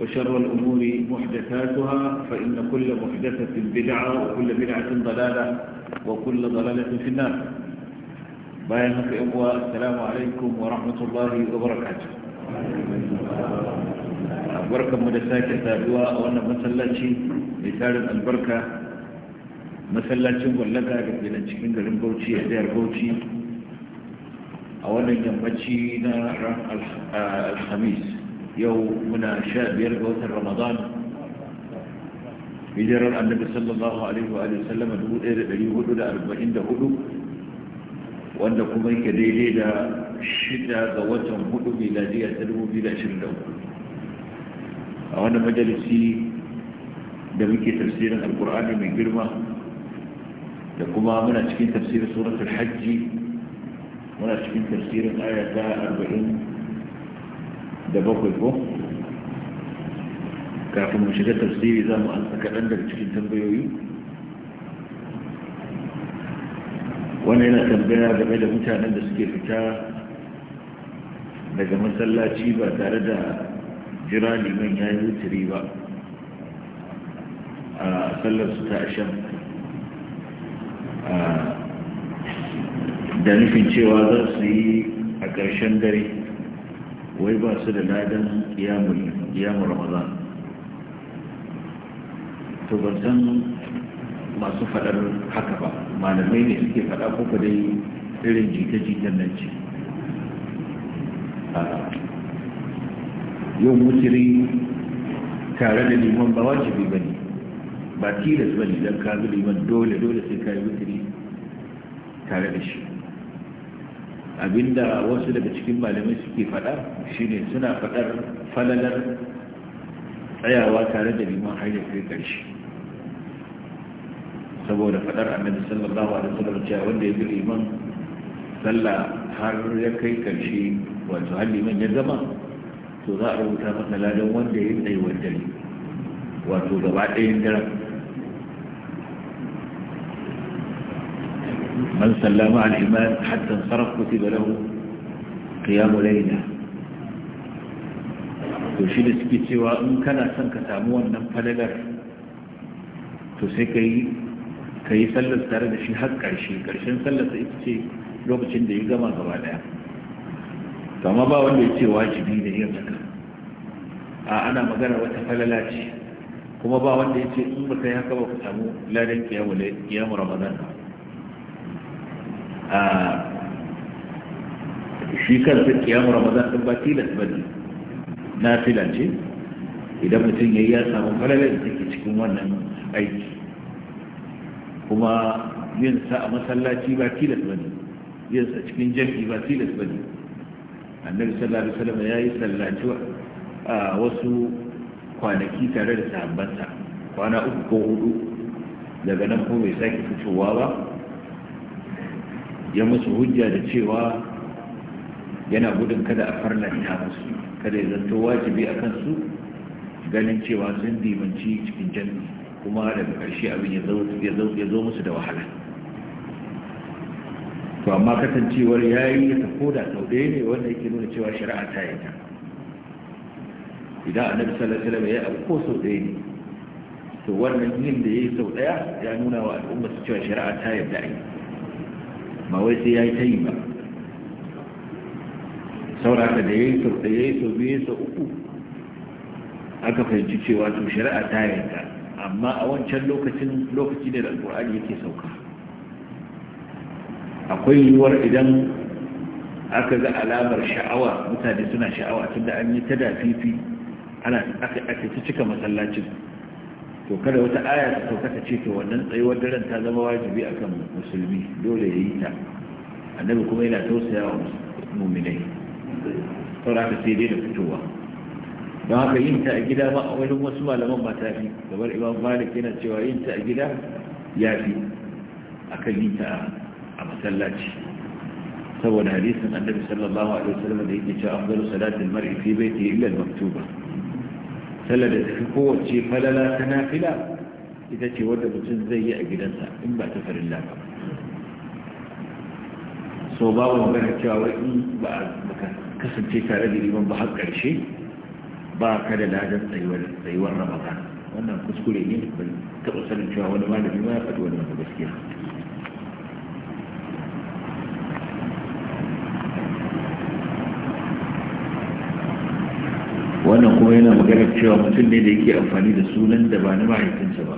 وشر الأمور محدثاتها فإن كل محدثة بدعة وكل بدعة ضلالة وكل ضلالة في النار بايعنا في أبوة السلام عليكم ورحمة الله وبركاته بركة مدساكة سابوة وأنا مسلاتي لتارم البركة مسلاتي ولقى لكي نشكين غرم بوتي أدير بوتي أولا يمتي نار آه، الخميس يوم مناشاء بيرغوث رمضان يجرى النبي صلى الله عليه وآله وسلم يقول إلى أربعين دا هدو وأن لكم أيك ديلي دا شدى غوات هدو بلا دي أتلو بلا شدى وأنا مجلسي دا بكي تفسير القرآن من قرمة لكم أمنا تفسير سورة الحج وأنا تفسير آية دا أربعين da bakwai ko kafin mu shiga tafsiri za mu ansa kaɗan daga cikin tambayoyi wani yana tambaya game da mutanen da suke fita daga masallaci ba tare da jira liman ya yi wuturi ba a sallar su ta ashen da nufin cewa za su yi a ƙarshen dare wai ba su da ladan kiyamun ramadan to ban san masu faɗar haka ba malamai ne suke faɗa ko ba dai irin jita-jitan nan ce yau mutiri tare da liman ba wajibi ba ne ba tilas ba ne don kazi liman dole dole sai ka mutiri tare da shi abinda wasu daga cikin malamai suke faɗa shine suna faɗar falalar tsayawa tare da liman har kai karshe saboda fadar annabi sallallahu alaihi wasallam cewa wanda ya bi liman sallah har ya kai ƙarshe. wato har liman ya zama to za a rubuta masa ladan wanda ya yi tsayuwar dare wato gaba ɗayan daren من صلى مع الإمام حتى انصرف كتب له قيام ليلة وشيل سكيتي وإن كان سنك ساموا النمفل لك تسكي كي سلس تارد شي حق عشي كرشن سلس إتسي lokacin da ya gama gaba kama ba wanda ya ce wajibi da yin haka a ana magana wata falala ce kuma ba wanda ya ce in ba kai haka ba ku samu shi kansa kiyamu ramadan din ba tilas ba ne na filance idan mutum ya yi ya samu falalar da take cikin wannan aiki kuma yin sa a masallaci ba tilas ba ne yin sa cikin jami'i ba tilas ba ne annabi sallallahu alaihi wasallam ya yi sallaci a wasu kwanaki tare da sahabbansa kwana uku ko hudu daga nan ko bai sake fitowa ba ya musu hujja da cewa yana gudun kada a farlanta musu kada ya zanto wajibi a kansu ganin cewa sun dimanci cikin jami'i kuma daga ƙarshe abin ya zo musu da wahala to amma kasancewar ya yi ta koda sau ɗaya ne wanda yake nuna cewa shari'a ta yi ta idan annabi sallallahu alaihi wasallam ya abu ko sau ɗaya ne to wannan yin da ya yi sau ɗaya ya nuna wa al'umma su cewa shari'a ta yi a yi ba wai sai ya yi ta yi ba sauraka da ya yi sau da ya yi sau biyu sau uku aka fahimci cewa su shari'a ta yanka amma a wancan lokacin lokaci ne da alƙur'ani yake sauka akwai yiwuwar idan aka ga alamar sha'awa mutane suna sha'awa tunda an yi ta dafifi ana aka ta cika masallacin to kada wata aya ta sauka ta ce to wannan tsayuwar daren ta zama wajibi akan musulmi dole ya yi ta annabi kuma yana tausaya wa muminai saura ka sai dai da fitowa don haka yin ta a gida ma a wani wasu malaman ba ta fi kamar imam malik yana cewa yin ta a gida ya fi akan yin ta a masallaci saboda hadisin annabi sallallahu alaihi wasallam da yake cewa afdalu salatin mar'i fi baiti illa al-maktuba sallar da tafi kowace falala ta nafila ita ce wadda mutum zai yi a gidansa in ba ta farilla ba so babu magana cewa wai in ba a kasance tare da liman ba har ƙarshe ba ka da ladar tsayuwar ramadan wannan kuskure ne ban taɓa sanin cewa wani malami ma ya faɗi wani gaskiya wannan kuma yana maganar cewa mutum ne da yake amfani da sunan da ba na mahaifinsa ba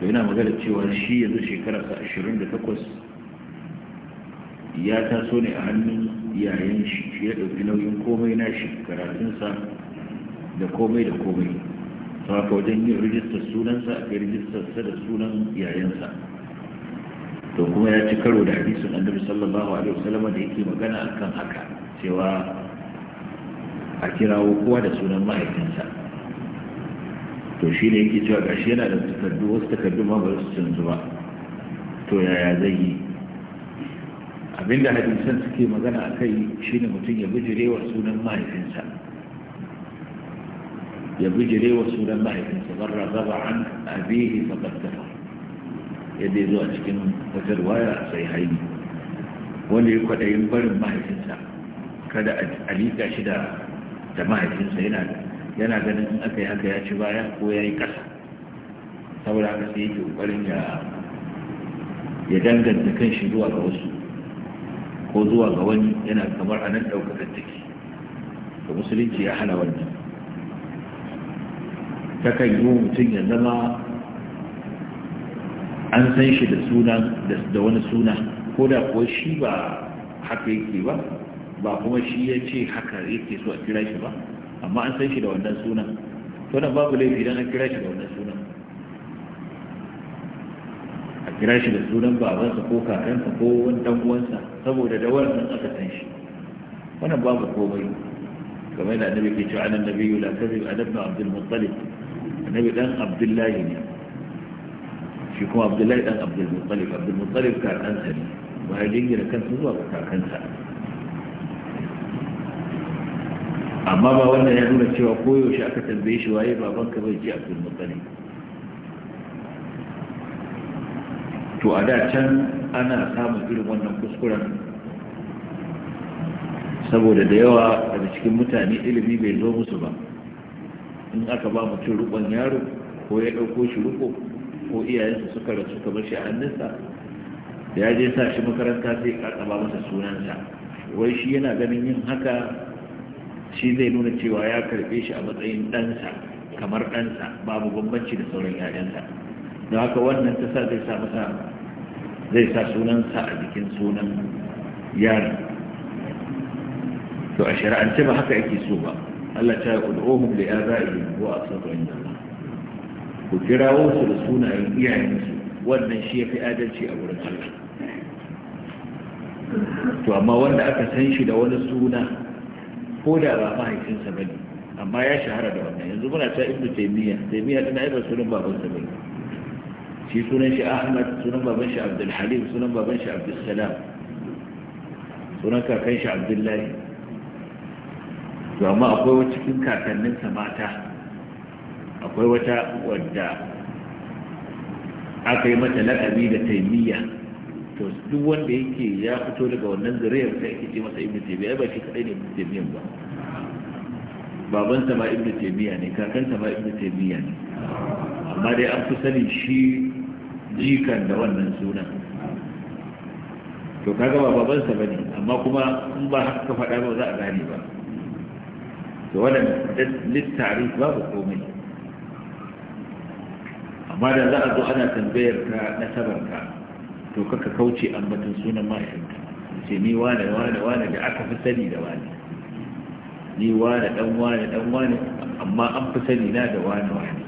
Da yana magana cewa shi yanzu shekara ashirin da takwas ya taso ne a hannun yayan shi ya ɗauki nauyin komai na shi karatunsa da komai da komai haka wajen yin rijistar sunansa a kai rijistarsa da sunan yayansa to kuma ya ci karo da hadisin annabi sallallahu alaihi wasallam da yake magana akan haka cewa a kirawo kowa da sunan mahaifinsa to shi ne yake cewa gashi yana da takardu wasu takardu ma ba su canzu ba to yaya zai yi abinda hadisan suke magana a kai shi ne mutum ya bijirewa sunan mahaifinsa ya bijirewa sunan mahaifinsa barra zaba an abihi faƙaddara yadda ya zo a cikin wata ruwaya sai haini wanda ya kwaɗayin barin mahaifinsa kada a liƙa shi da da mahaifinsa yana ganin in aka yi haka ya ci baya ko ya yi ƙasa saboda haka sai yake ƙoƙarin ya ya danganta kan shi zuwa ga wasu ko zuwa ga wani yana kamar a nan ɗaukakar take da musulunci ya hana wannan kan yi mutum ya zama an san shi da suna da wani suna ko da kuwa shi ba haka yake ba ba kuma shi ya ce haka yake so a kira shi ba amma an san shi da wannan sunan to babu laifi dan an kira shi da wannan sunan a kira shi da sunan ba babansa ko kakansa ko wani dan uwansa saboda da wannan aka san shi wannan babu komai kamar da annabi ke cewa anan nabiyyu la kadhib adabna abdul muttalib annabi dan abdullahi ne shi kuma abdullahi dan abdul muttalib abdul muttalib kakansa ne ba ya jingina kansa zuwa kakansa amma ba wannan ya nuna cewa koyaushe aka tambaye shi waye babanka bai ji abdul muttalib to a da can ana samun irin wannan kuskuren saboda da yawa daga cikin mutane ilimi bai zo musu ba in aka ba mutum rukon yaro ko ya ɗauko shi ruko ko iyayensa suka rasu kamar shi a hannunsa da ya je sa shi makaranta sai ya ba masa sunansa wai shi yana ganin yin haka shi zai nuna cewa ya karbe shi a matsayin ɗansa kamar ɗansa babu bambanci da sauran yayansa don haka wannan ta sa zai sa masa zai sa sunansa a jikin sunan yaron to a shari'ance ba haka yake so ba Allah ta ya da za ud'uhum li abaihim wa asatu inda ku kirawo su da sunayen iyayensu wannan shi ya fi adalci a wurin Allah to amma wanda aka san shi da wani suna ko da ba mahaifinsa ba ne amma ya shahara da wannan yanzu muna ta ibnu taymiya taymiya din ai ba sunan babansa ba ne shi sunan shi ahmad sunan baban shi abdul halim sunan baban shi abdul salam sunan kakan shi abdullahi to amma akwai wata cikin kakanninsa mata akwai wata wadda aka yi mata laƙabi da taimiyya to duk wanda yake ya fito daga wannan zuriyar sai yake ce masa ibnu taymiya ba shi kadai ne ibnu taymiya ba babansa ma ibnu taymiya ne kakansa ma ibnu taymiya ne amma dai an fi sani shi jikan da wannan sunan to kaga ba sa bane amma kuma in ba haka ka faɗa ba za a gane ba to wannan ba babu komai amma da za a zo ana tambayar ka nasabar ka to kaka kauce ambatin sunan mahaifinka ce ni wane wane wane da aka fi sani da wane ni wane dan wane dan wane amma an fi sani na da wane wane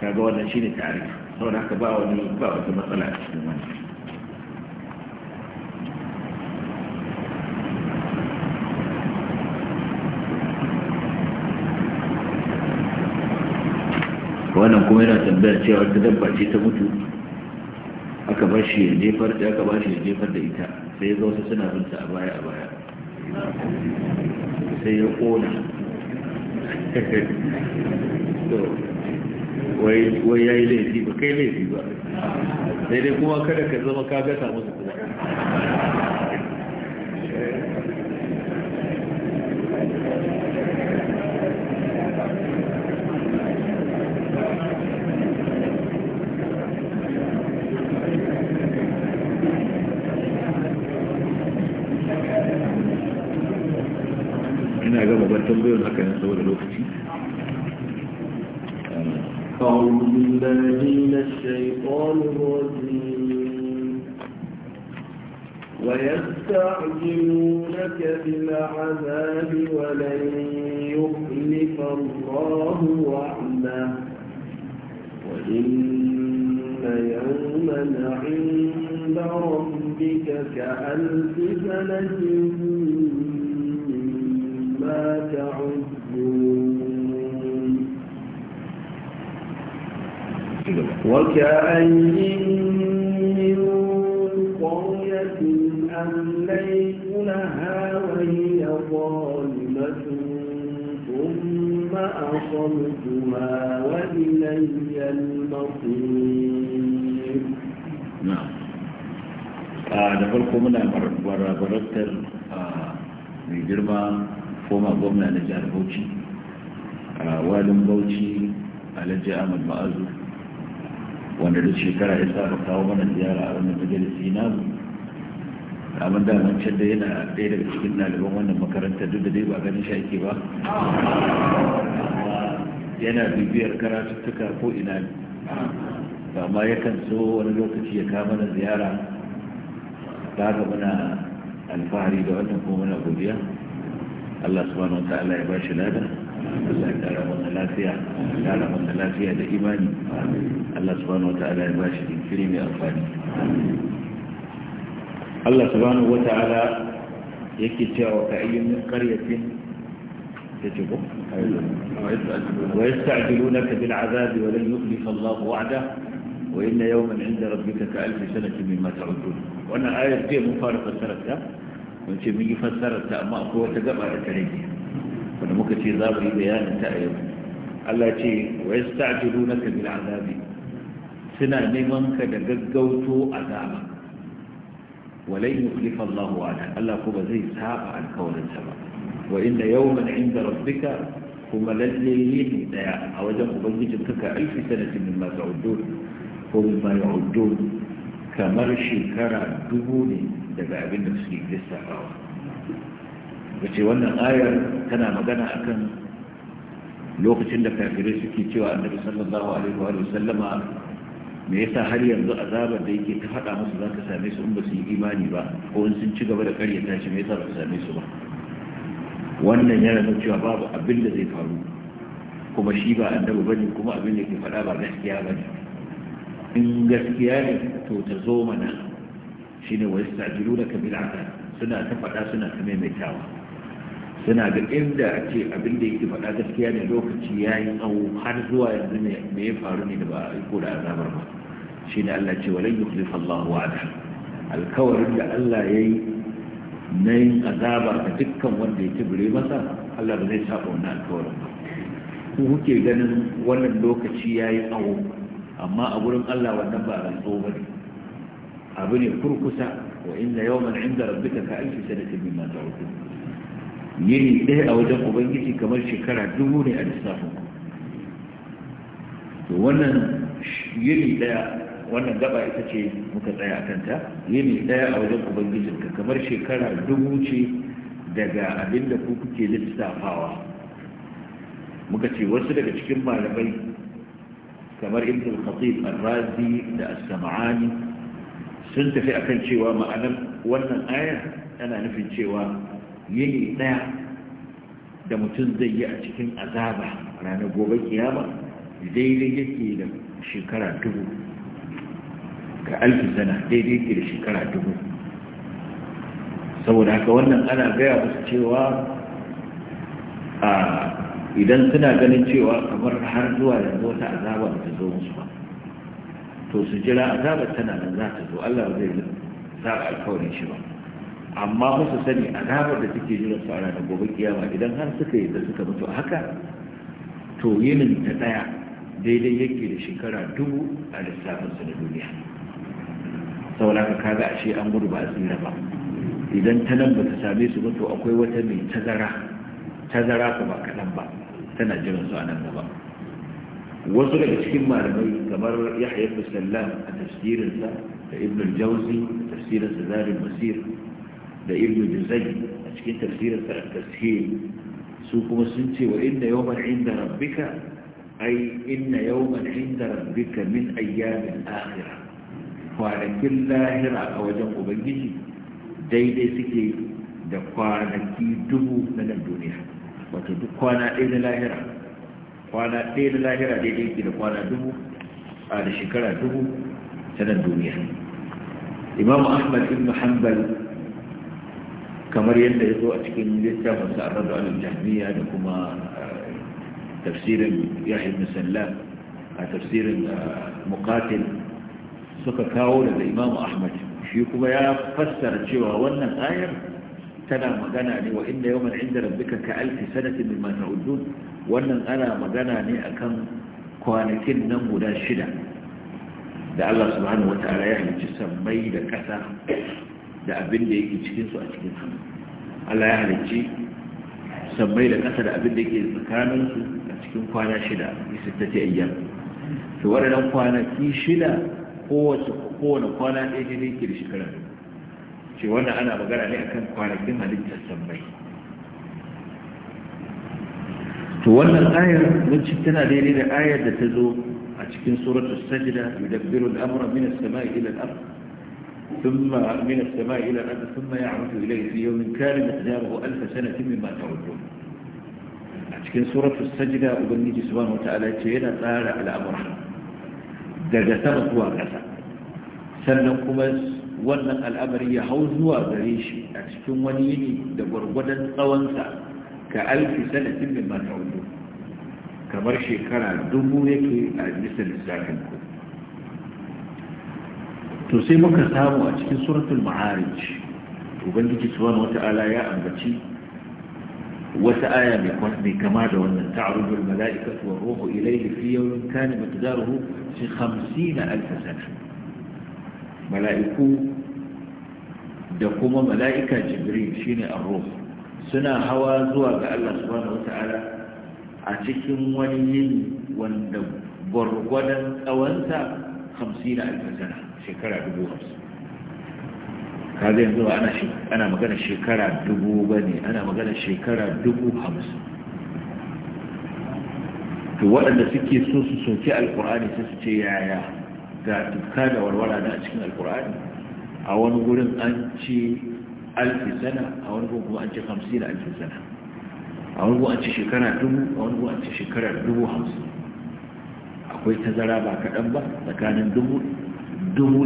kaga wannan shine tarif saboda haka ba wani ba wata matsala a cikin wani wannan kuma yana tambayar cewa ta dabba ce ta mutu aka bar shi ya jefar da aka bar shi ya jefar da ita sai ya ga wasu suna binta a baya a baya sai ya kona wai ya yi laifi ba kai laifi ba sai dai kuma kada ka zama ka gasa musu kuma هنا gama bar tambayoyin haka كان saboda lokaci أعوذ بالله من الشيطان الرجيم ويستعجلونك بالعذاب ولن يخلف الله وعده وإن يوما عند ربك كألف سنة وما تعدون وكأي من قرية أمليت لها وهي ظالمة ثم أخذتها وإلي المصير نعم da farko muna barabarantar mai girma koma gwamna na jihar bauchi a walin bauchi alhaji ahmad ma'azu wanda duk shekara ya saba kawo mana ziyara a wannan majalisi namu abin da wancan da yana ɗaya daga cikin ɗaliban wannan makaranta duk da dai ba ganin shi ake ba yana bibiyar karatuttuka ko ina ba ma yakan so wani lokaci ya kama mana ziyara ta ga muna alfahari da wannan kuma muna godiya الله سبحانه وتعالى يباش لنا يعلم الثلاثية لإيماني الله سبحانه وتعالى يباش لنفرين أطفالي الله سبحانه وتعالى يكتعو كأي من قرية تجب ويستعجلونك بالعذاب ولن يخلف الله وعده وإن يوما عند ربك كألف سنة مما تعدون وأنا آية فيها مفارقة سنة mun ce mun yi fassarar ta amma akwai wata gaba da ta rage wanda muka ce za mu yi bayanin ta a yau Allah ce wa yasta'jilunaka bil azabi suna neman ka da gaggauto azaba walai yukhlifa Allahu wa'ada Allah ko ba zai saba alkawarinsa ba wa inna yawman inda rabbika kuma lalle yini daya a wajen ubangijin kaka alfi sanatin min ma ta'uddun ko min ma ya'uddun kamar shekara dubu ne daga abin da suke lissafawa wace wannan ayar tana magana akan lokacin da kafirai suke cewa annabi sallallahu alaihi wa sallama me yasa har yanzu azabar da yake ta faɗa musu za ka same su in ba su yi imani ba ko in sun ci gaba da karya tashi me yasa ba su same su ba wannan yana nuna cewa babu abin da zai faru kuma shi ba annabi bane kuma abin da ke faɗa ba gaskiya bane in gaskiya ne to ta zo mana shine wa yasta'jilunaka bil azab suna ta faɗa suna ta maimaitawa suna ga inda a ce abin da yake faɗa gaskiya ne lokaci ya yi tsawo har zuwa yanzu ne me ya faru ne da ba a ko da azabar ba ne Allah ce walan yukhlifa Allah wa'ada alkawarin da Allah ya yi na yin azabar ga dukkan wanda ya kibire masa Allah ba zai saba wannan alkawarin ba ku kuke ganin wannan lokaci ya yi tsawo amma a gurin Allah wannan ba rantso ba ne abu ne kurkusa wa inna yawman inda rabbika ka alfi sanatin ma ta'udun yini ɗaya a wajen ubangiji kamar shekara dubu ne a lissafin to wannan yini ɗaya wannan gaba ita ce muka tsaya a kanta yini ɗaya a wajen ka kamar shekara dubu ce daga abinda ku kuke lissafawa muka ce wasu daga cikin malamai kamar ibn al-khatib ar-razi da as sun tafi akan cewa ma'anar wannan ayar tana nufin cewa yini daya da mutum zai yi a cikin azaba ranar gobe kiyama daidai yake da shekara dubu ga alfi daidai yake da shekara dubu saboda haka wannan ana gaya musu cewa a idan suna ganin cewa kamar har zuwa yanzu wata azaba da ta zo musu ba to su jira azaba tana nan za ta zo Allah ba zai a alkawari shi ba amma musu sani azabar da take jira su a da gobe kiyama idan har suka yi da suka mutu haka to yinin ta daya daidai yake da shekara dubu a lissafin su na duniya saboda ka kaga ashe an gudu ba a tsira ba idan ta nan ba ta same su ba to akwai wata mai tazara tazara ku ba kaɗan ba tana jiran su a nan gaba wasu daga cikin malamai kamar yahya ibn sallam a tafsirinsa da ibn al-jawzi a tafsirinsa zarin masir da ibn juzai a cikin tafsirinsa a tafsir su kuma sun ce wa inna yawman inda rabbika ai inna yawman inda rabbika min ayyamin akhirah kwanakin lahira a wajen ubangiji daidai suke da kwanaki dubu na nan duniya wato duk kwana ɗaya na lahira kwana ɗaya na lahira daidai ke da kwana dubu a da shekara dubu sanar duniya imamu ahmad ibn hanbal kamar yadda ya zo a cikin littafin sa'arar da alim jami'a da kuma tafsirin yahya musalla a tafsirin muqatil suka kawo daga imamu ahmad shi kuma ya fassara cewa wannan ayar tana magana ne wa inda yawman inda rabbika ka alfi sanatin mimma ta'udun wannan ana magana ne akan kwanakin nan guda shida da Allah subhanahu wata'ala ya halicci sammai da ƙasa da abin da yake cikin su a cikin su Allah ya halicci sammai da ƙasa da abin da yake tsakanin su a cikin kwana shida isa ta ce ayyam to waɗannan kwanaki shida kowace kowane kwana ɗaya ne ke da shekara ce wannan ana magana ne akan kwanakin halittar sammai to wannan ayar mun ci tana daidai da ayar da ta zo a cikin suratul sajda yudabbiru al-amra min as-sama'i ila al-ard thumma min as-sama'i ila al-ard thumma ya'rudu ilayhi fi yawmin kana كان alf ألف mimma ta'udun a cikin suratul sajda ubangiji subhanahu wa ta'ala ce yana tsara al-amra daga sama zuwa ƙasa sannan kuma wannan al'amari ya hau zuwa gare shi a cikin wani yini da gwargwadon tsawonsa ka alfi sanatin min mata hudu kamar shekara dubu yake a bisa lissafin ku to sai muka samu a cikin suratul ma'arij ubangiji subhanahu wata'ala ya ambaci wata aya mai kama da wannan ta'arudu al-mala'ikatu wa ruhu ilayhi fi yawmin kana miqdaruhu 50000 sana mala'iku da kuma mala'ika jibril shine ar-ruh suna hawa zuwa ga Allah subhanahu wata'ala a cikin wani yin wanda gwargwadon tsawonsa 50 alfasana shekara 50 kaga yanzu ba ana magana shekara dubu ba ne ana magana shekara dubu hamsin to waɗanda suke so su soki alkur'ani sai su ce yaya ga tukka da warwara da a cikin alkur'ani a wani gurin an ce alfi sana a wani gurin kuma an ce hamsin alfi sana a wani gurin an ce shekara dubu a wani gurin an ce shekara dubu hamsin akwai tazara ba kaɗan ba tsakanin dubu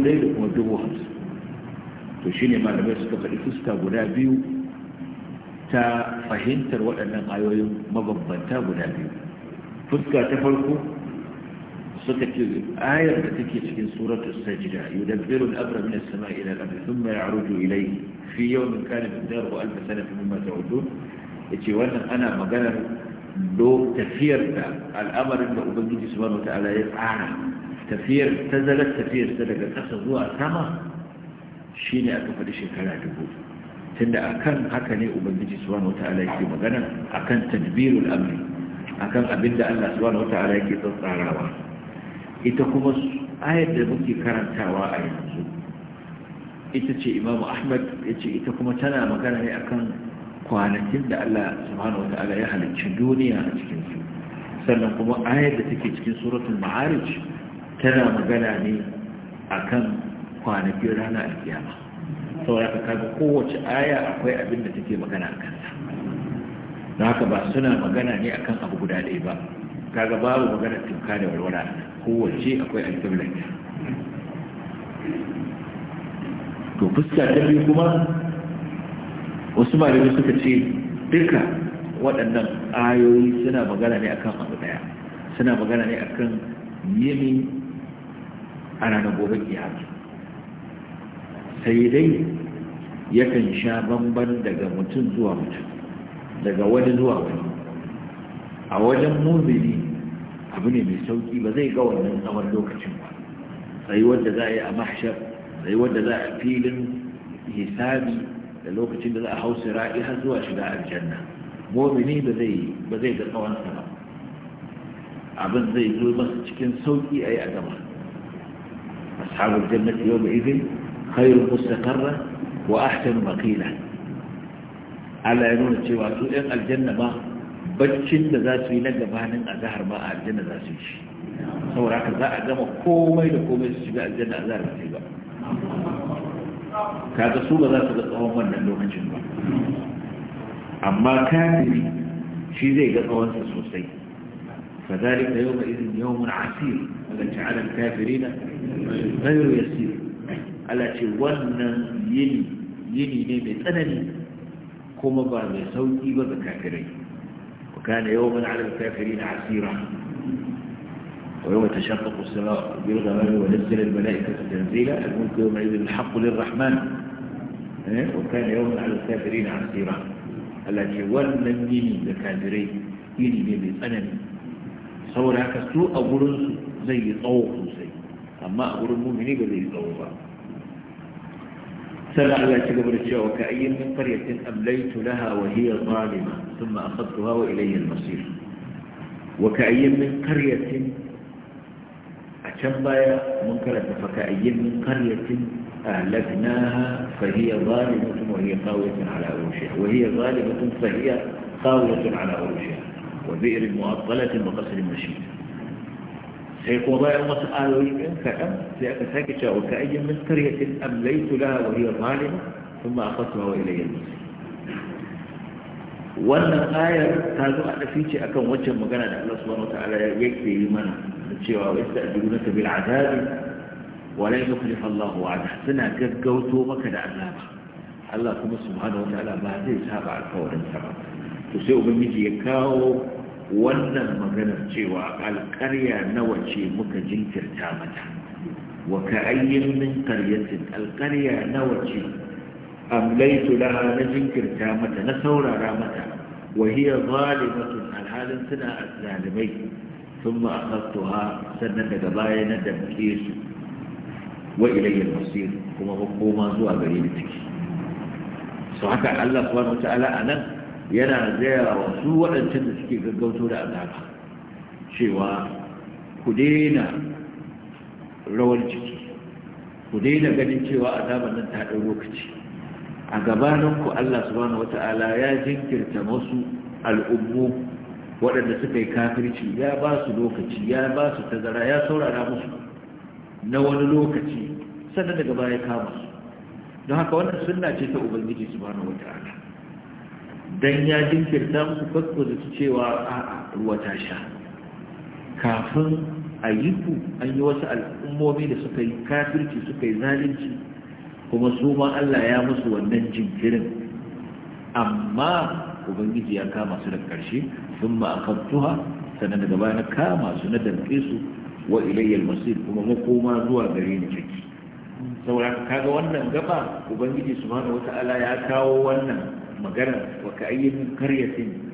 ɗaya da kuma dubu hamsin to shi ne malamai suka faɗi fuska guda biyu ta fahimtar waɗannan ayoyin mabambanta guda biyu fuska ta farko suka ce ayar da take cikin suratu sajda yudabbiru al-amra min as-sama'i ila al-ardi thumma ya'ruju ilayhi fi yawmin kana miqdaruhu alf sana mimma ta'udun yace wannan ana magana do tafiyar da al'amarin da ubangiji subhanahu wata'ala ya tsara tafiyar tazarar tafiyar ta daga ƙasa zuwa sama shine aka faɗi shekara dubu tunda akan haka ne ubangiji subhanahu wata'ala yake magana akan tadbirul amri akan da Allah subhanahu wata'ala yake tsarawa ita kuma ayat da muke karantawa a yanzu ita ce imamu ahmad ya ce ita kuma tana magana ne akan kwanakin da allah subhanahu wa ta'ala ya halicci duniya a cikinsu sannan kuma ayat da take cikin suratul ma'arij tana magana ne akan kwanakin rana a kiyama saboda ka kaga kowace aya akwai abin da take magana a kansa don haka ba suna magana ne akan abu guda ɗaya ba kaga babu magana tunka da walwala kowace akwai alƙiblar to fuska ta biyu kuma wasu malami suka ce duka waɗannan ayoyi suna magana ne akan abu ɗaya suna magana ne akan yini a ranar gobe kiyama sai dai yakan sha bamban daga mutum zuwa mutum daga wani zuwa wani a wajen muzini abu ne mai sauki ba zai ga wannan tsawon lokacin ba sai wanda za a yi a mahshar sai wanda za a filin hisabi da lokacin da za a hausa ra'i har zuwa shiga aljanna mu'mini ba zai ba zai ga tsawon sa ba abin zai zo masa cikin sauki a yi a gaba ashabul jannati yawma idhin khayrun mustaqarra wa ahsanu maqila Allah ya nuna cewa su ɗan aljanna ba baccin da za su yi na gabanin a zahar ma a aljanna za su yi shi saboda za a gama komai da komai su shiga aljanna a zahar ba sai ba kaga su ba za su ga tsawon wannan lokacin ba amma kafiri shi zai ga tsawonsa sosai فذلك يومئذ يوم عسير التي على الكافرين غير يسير التي ون يني yini ne mai tsanani kuma ba mai sauki ba ga kafirai وكان يوما على الكافرين عسيرا ويوم تشقق السماء بالغمام ونزل الملائكة تنزيلا الملك يومئذ الحق للرحمن إيه؟ وكان يوما على الكافرين عسيرا الذي ولنني لكافرين إني من الأنم صور هكا سوء زي طوق زي أما أقول المؤمنين زي طوق سمع الله تقبل الشيء اي من قرية أمليت لها وهي ظالمة ثم أخذتها وإلي المصير وكأي من قرية أتنبايا منكرة فكأي من قرية أهلكناها فهي ظالمة وهي قاوية على عروشها وهي ظالمة فهي قاوية على عروشها وبئر معطلة وقصر مشيد سيقوى ضائع مسألة فأم سيأتساكت وكأي من قرية أمليت لها وهي ظالمة ثم أخذتها وإلي المصير wannan ayar ta zo a dafi ce akan waccan magana da Allah subhanahu wataala yake yi mana da cewa wa yasta'jilunaka bil azabi wa la yukhlifu Allahu wa'ada suna gaggauto maka da azaba Allah kuma subhanahu wataala ba zai saba alƙawarin sa ba to sai ubangiji ya kawo wannan maganar cewa alƙarya na wace muka jinkirta mata wa ka'ayyin min qaryatin alƙarya nawa ce amlaitu laha na jinkirta mata na saurara mata wa hiya zalimatun alhalin suna zalimai thumma akhadtuha sannan daga baya na damke su wa ilayya masir kuma hukuma zuwa gare ni take so haka Allah subhanahu wa ta'ala anan yana gaya wa su waɗancan da suke gaggauto da azaba cewa ku daina rawar ciki ku daina ganin cewa azaban nan ta ɗau lokaci a gabaninku Allah subhanahu ta’ala ya jinkirta wasu al'ummu waɗanda suka yi kafirci ya ba su lokaci ya ba su tazara ya saurara musu na wani lokaci sannan daga baya kama su don haka wannan sunna ce ta ubangiji subhanahu ta’ala dan ya jinkirta musu fasko da su cewa a'a ruwa ta sha kafin ayyuku an yi wasu al'ummomi da suka yi kafirci suka yi zalunci kuma su ma Allah ya musu wannan jinkirin amma ubangiji ya kama su da ƙarshe sun ma'akabtuha sannan daga na kama su na damƙe su wa ilayyal masir kuma makoma zuwa gare ni ciki saboda kaga wannan gaba ubangiji subhanahu wata'ala ya kawo wannan magana wa karya karyatin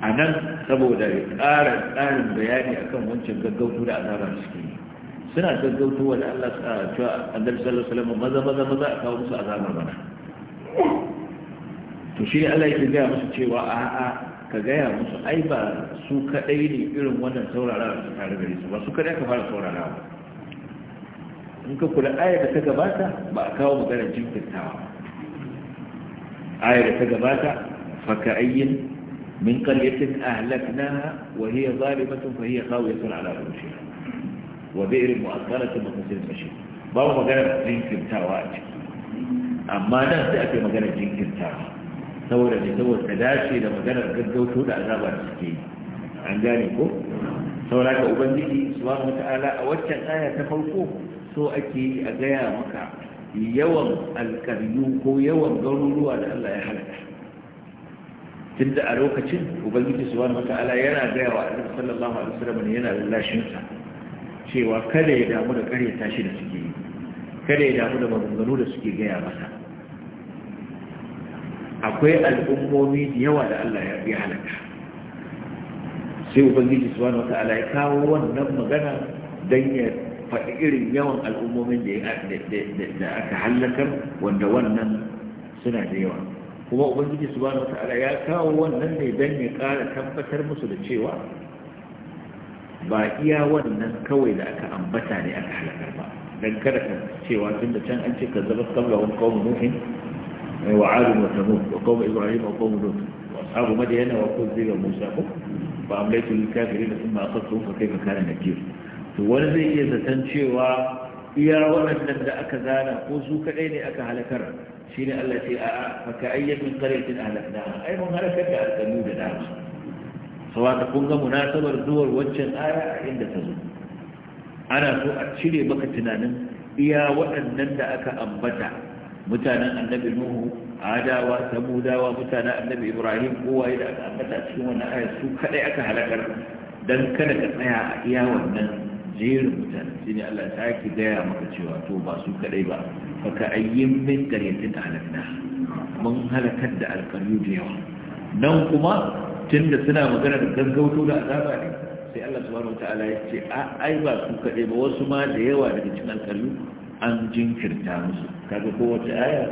a nan saboda ƙara tsarin bayani akan wancan gaggautu da azabar suke yi suna gaggautowa da Allah a cewa annabi sallallahu alaihi wasallam maza maza maza a kawo musu azabar mana to shi Allah yake gaya musu cewa a a ka gaya musu ai ba su kadai ne irin wannan saurara su tare da su ba su kadai ka fara saurara ba in ka kula ayar da ta gabata ba a kawo maganar jinkirtawa ayar da ta gabata faka ayyin min qaryatin ahlaknaha wa hiya zalimatun fa hiya khawiyatun ala urushiha wa bi'rin mu'akkaratin mutasil mashi babu magana jinkirtawa a ciki amma nan sai ake yi magana jinkirtawa saboda ne saboda ta dace da maganar gaggauto da azaba da suke yi an gane ko saboda ka ubangiji subhanahu wata'ala a waccan aya ta farko so ake yi a gaya maka yawan alkaryu ko yawan garuruwa da Allah ya halaka tunda a lokacin ubangiji subhanahu wata'ala yana gaya wa annabi sallallahu alaihi wasallam yana lallashin sa cewa kada ya damu da karyata shi da suke yi kada ya damu da maganganu da suke gaya masa akwai al'ummomi da yawa da Allah ya bi halaka sai ubangiji su subhanahu wata'ala ya kawo wannan magana don ya faɗi irin yawan al'ummomin da aka halakar wanda wannan suna da yawa kuma ubangiji su subhanahu wata'ala ya kawo wannan ne don ya ƙara tabbatar musu da cewa ba iya wannan kawai da aka ambata ne aka halakar ba dan kada ka cewa tun da can an ce ka zaba kabla wani kawun nufin eh, wa adun wa samud wa kawun ibrahim wa kawun lut wa ashabu madiyana wa kawun zira musa ko ba amlaitu lil kafirin da kuma akassu ka kai ka kare nakir to wani zai iya zaton cewa iya waɗannan da aka zana ko su kadai ne aka halakar shine Allah ce a'a fa ka ayyamin qaryatin ahlakna ai mun halakar da alƙalu da da sawa ka kun ga munasabar zuwar waccan aya a inda ta zo ana so a cire maka tunanin iya waɗannan da aka ambata mutanen annabi nuhu adawa samudawa mutanen annabi ibrahim kowa da aka ambata cikin wannan aya su kadai aka halakar dan kada ka tsaya a iya wannan jerin mutane shine Allah ta ki gaya maka cewa to ba su kadai ba faka ayyin min qaryatin halakna mun halakar da alqaryu da yawa nan kuma tun da suna magana da gaggauto da azaba ne sai Allah subhanahu wataala ya ce a ai ba su kaɗai ba wasu ma da yawa daga cikin alƙalu an jinkirta musu kaga kowace aya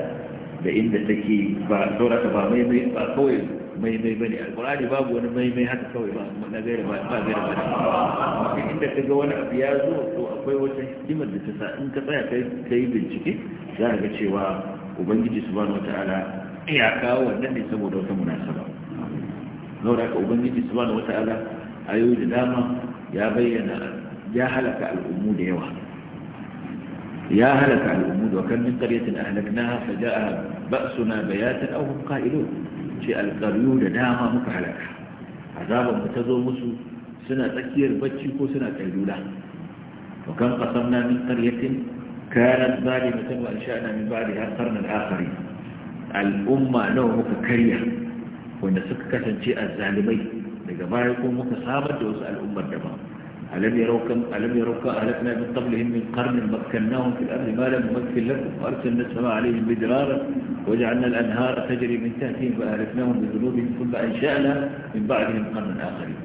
da inda take ba ta ba maimai ba kawai maimai bane alƙur'ani babu wani maimai haka kawai ba na gaira ba ba gaira ba amma inda kaga ga wani abu ya zo to akwai wata hikimar da ta sa in ka tsaya kai kai bincike za ka ga cewa ubangiji subhanahu wataala ya kawo wannan ne saboda wata munasaba saboda haka ubangiji subhanahu wata'ala ayoyi da dama ya bayyana ya halaka al'ummu da yawa ya halaka al'ummu da kan min qaryatin ahlaknaha fa jaa ba'suna bayatan aw hum qa'ilun ce alqaryu da dama muka halaka azaban mu ta zo musu suna tsakiyar bacci ko suna kailula wa kan qasamna min qaryatin kanat zalimatan wa ansha'na min ba'daha qarnan akharin al'umma nawa muka karya wanda suka kasance a zalimai daga baya ko muka samar da wasu al'ummar da ba alam yarau kam alam yarau ka alatna min qablihim min qarnin makkannahum fil ardi ma lam numakkil lakum wa arsalna samaa alayhim bidrara wa ja'alna al anhara tajri min tahtihim fa ahlaknahum bi dhunubihim thumma ansha'na min ba'dihim qarnan akharin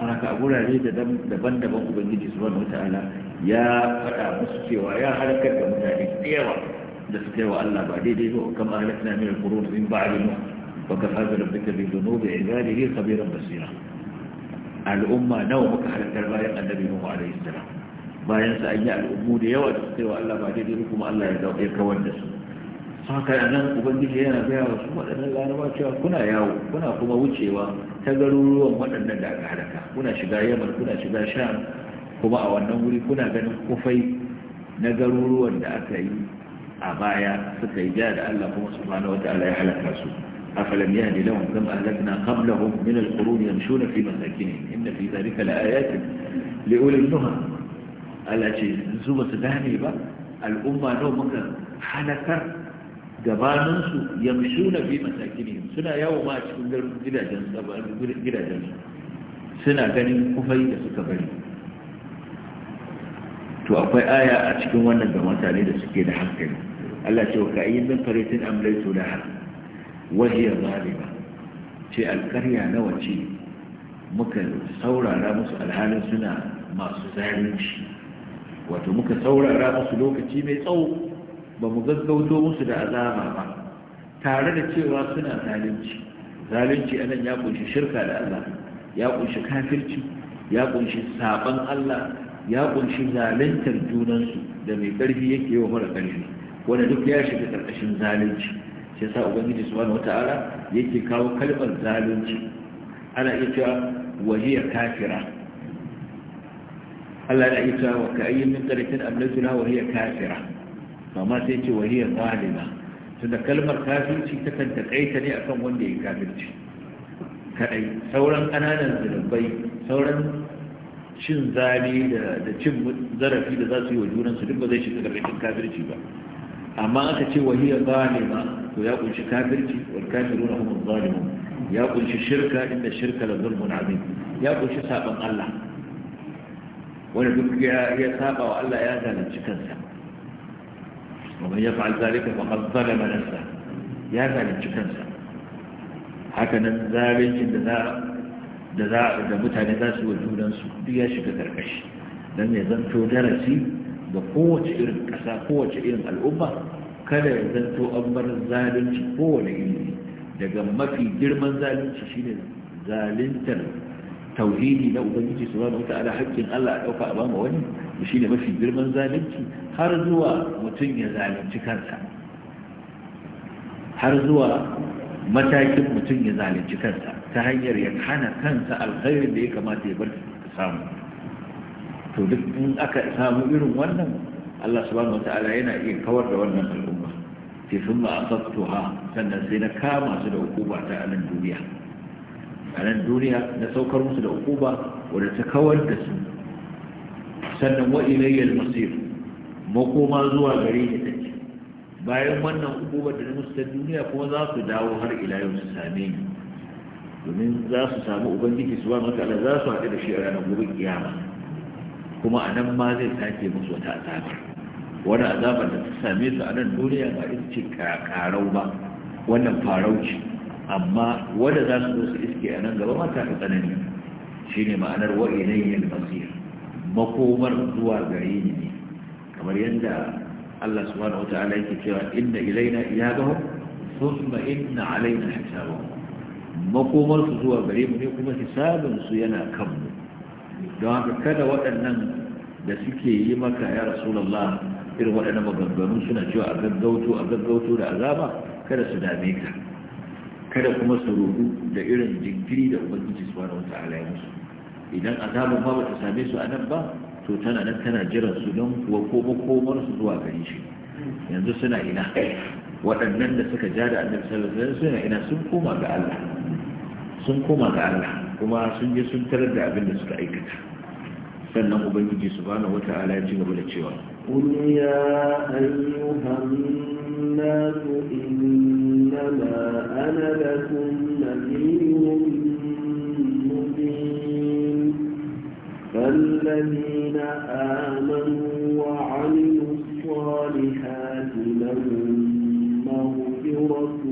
haka a gurare daban-daban ubangiji subhanahu wataala ya faɗa musu cewa ya halakar da mutane da yawa da suka yi wa Allah ba daidai ba kamar halakna min al-qurun min ba'd al وكفى بربك بذنوب عباده خبيرا بصيرا al'umma nawa muka halartar bayan annabi Nuhu alaihi salam bayan sa an yi al'ummu da yawa da suka yi wa Allah ba daidai kuma Allah ya kawar da su haka nan ubangiji yana gaya wa su waɗannan laraba cewa kuna yawo kuna kuma wucewa ta garuruwan waɗannan da aka halaka kuna shiga yamar kuna shiga sham kuma a wannan wuri kuna ganin kufai na garuruwan da aka yi a baya suka yi jiya da Allah kuma su wata wataala ya halaka su أفلم يهد لهم كما أهلكنا قبلهم من القرون يمشون في مساكنهم إن في ذلك لآيات لأولي النهى التي نسوبة دهني بقى الأمة نومك حنكر gabaninsu ya mishu na fi masakini suna yawo ma a cikin gidajensu suna ganin kufai da suka bari to akwai aya a cikin wannan ga mutane da suke da hankali Allah ce wa ka'ayyin min faritin da hankali. wahiyar zalima ce alkarya nawa ce muka saurara musu alhalin suna masu zalunci wato muka saurara musu lokaci mai tsawo ba mu gaggauto musu da azaba ba tare da cewa suna zalunci zalunci anan ya kunshi shirka da Allah ya kunshi kafirci ya kunshi saban Allah ya kunshi zaluntar junansu da mai ƙarfi yake yi wa mara ƙarfi wanda duk ya shiga ƙarƙashin zalunci shi yasa ubangiji subhanahu wata'ala yake kawo kalmar zalunci ana iya cewa ya kafira Allah yana iya cewa ka ayyin min qaryatin amlatuna ya kafira amma sai ce wahiya zalima tunda kalmar kafirci ta kan takaita ne akan wanda ya kafirci kadai sauran kananan zunubai sauran cin zali da cin zarafi da za su yi wa junansu duk ba zai shiga karkashin kafirci ba amma aka ce wahiyar zalima to ya kunshi kafirci wal kafiruna hum adh-dhalimun ya kunshi shirka inda shirka la zulmun azim ya kunshi saban Allah wani duk ya saba wa Allah ya zalunci kansa ومن يفعل ذلك فقد ظلم نفسه ya zalunci kansa haka nan zalincin da za da za da mutane za su wa junansu duk ya shiga karkashi don ya zanto darasi ga kowace irin kasa kowace irin al'umma kada ya zanto an bar zalunci kowane iri daga mafi girman zalunci shine zaluntar tauhidi na ubangiji subhanahu ala, hakkin Allah a ɗauka a bama wani shine mafi girman zalunci har zuwa mutum ya zalunci kansa har zuwa matakin mutum ya zalunci kansa ta hanyar ya hana kansa alkhairin da ya kamata ya bar samu to duk in aka samu irin wannan Allah subhanahu wata'ala yana iya kawar da wannan al'umma ce sun ma asabtuha sannan sai na kama su da hukuma ta a nan duniya a nan duniya na saukar musu da hukuma wadda ta kawar da su sannan wa ilayyal masir makoma zuwa gare ni take bayan wannan hukumar da na musu ta duniya kuma za su dawo har ila yau su same ni domin za su samu ubangiji su ba maka za su haɗu da shi a ranar gobe kiyama kuma a nan ma zai sake musu wata asabar wani azabar da ta same su a nan duniya ba ita ce karau ba wannan farau ce, amma wanda za su zo su iske a nan gaba mata ta tsanani shi ne ma'anar wa ilayya al-masir makomar zuwa gare ni ne kamar yadda Allah subhanahu wata'ala yake cewa inna ilaina iya iyabahum thumma inna alaina hisabahum makomar su zuwa gare mu ne kuma hisabin su yana kanmu. mu don haka kada waɗannan da suke yi maka ya rasulullah irin waɗannan maganganu suna cewa a gaggauto a gaggauto da azaba kada su dame ka kada kuma su rudu da irin jinkiri da ubangiji subhanahu wata'ala ya musu idan azaban ma ba ta same su a nan ba to tana nan tana jiran su don kuwa koma komar su zuwa gari shi yanzu suna ina waɗannan da suka ja da annabi sallallahu alaihi suna ina sun koma ga Allah sun koma ga Allah kuma sun je sun tarar da abin da suka aikata sannan ubangiji subhanahu wata'ala ya ci gaba da cewa قل يا أيها الناس إنما أنا لكم نذير مبين فالذين آمنوا وعملوا الصالحات لهم مغفرة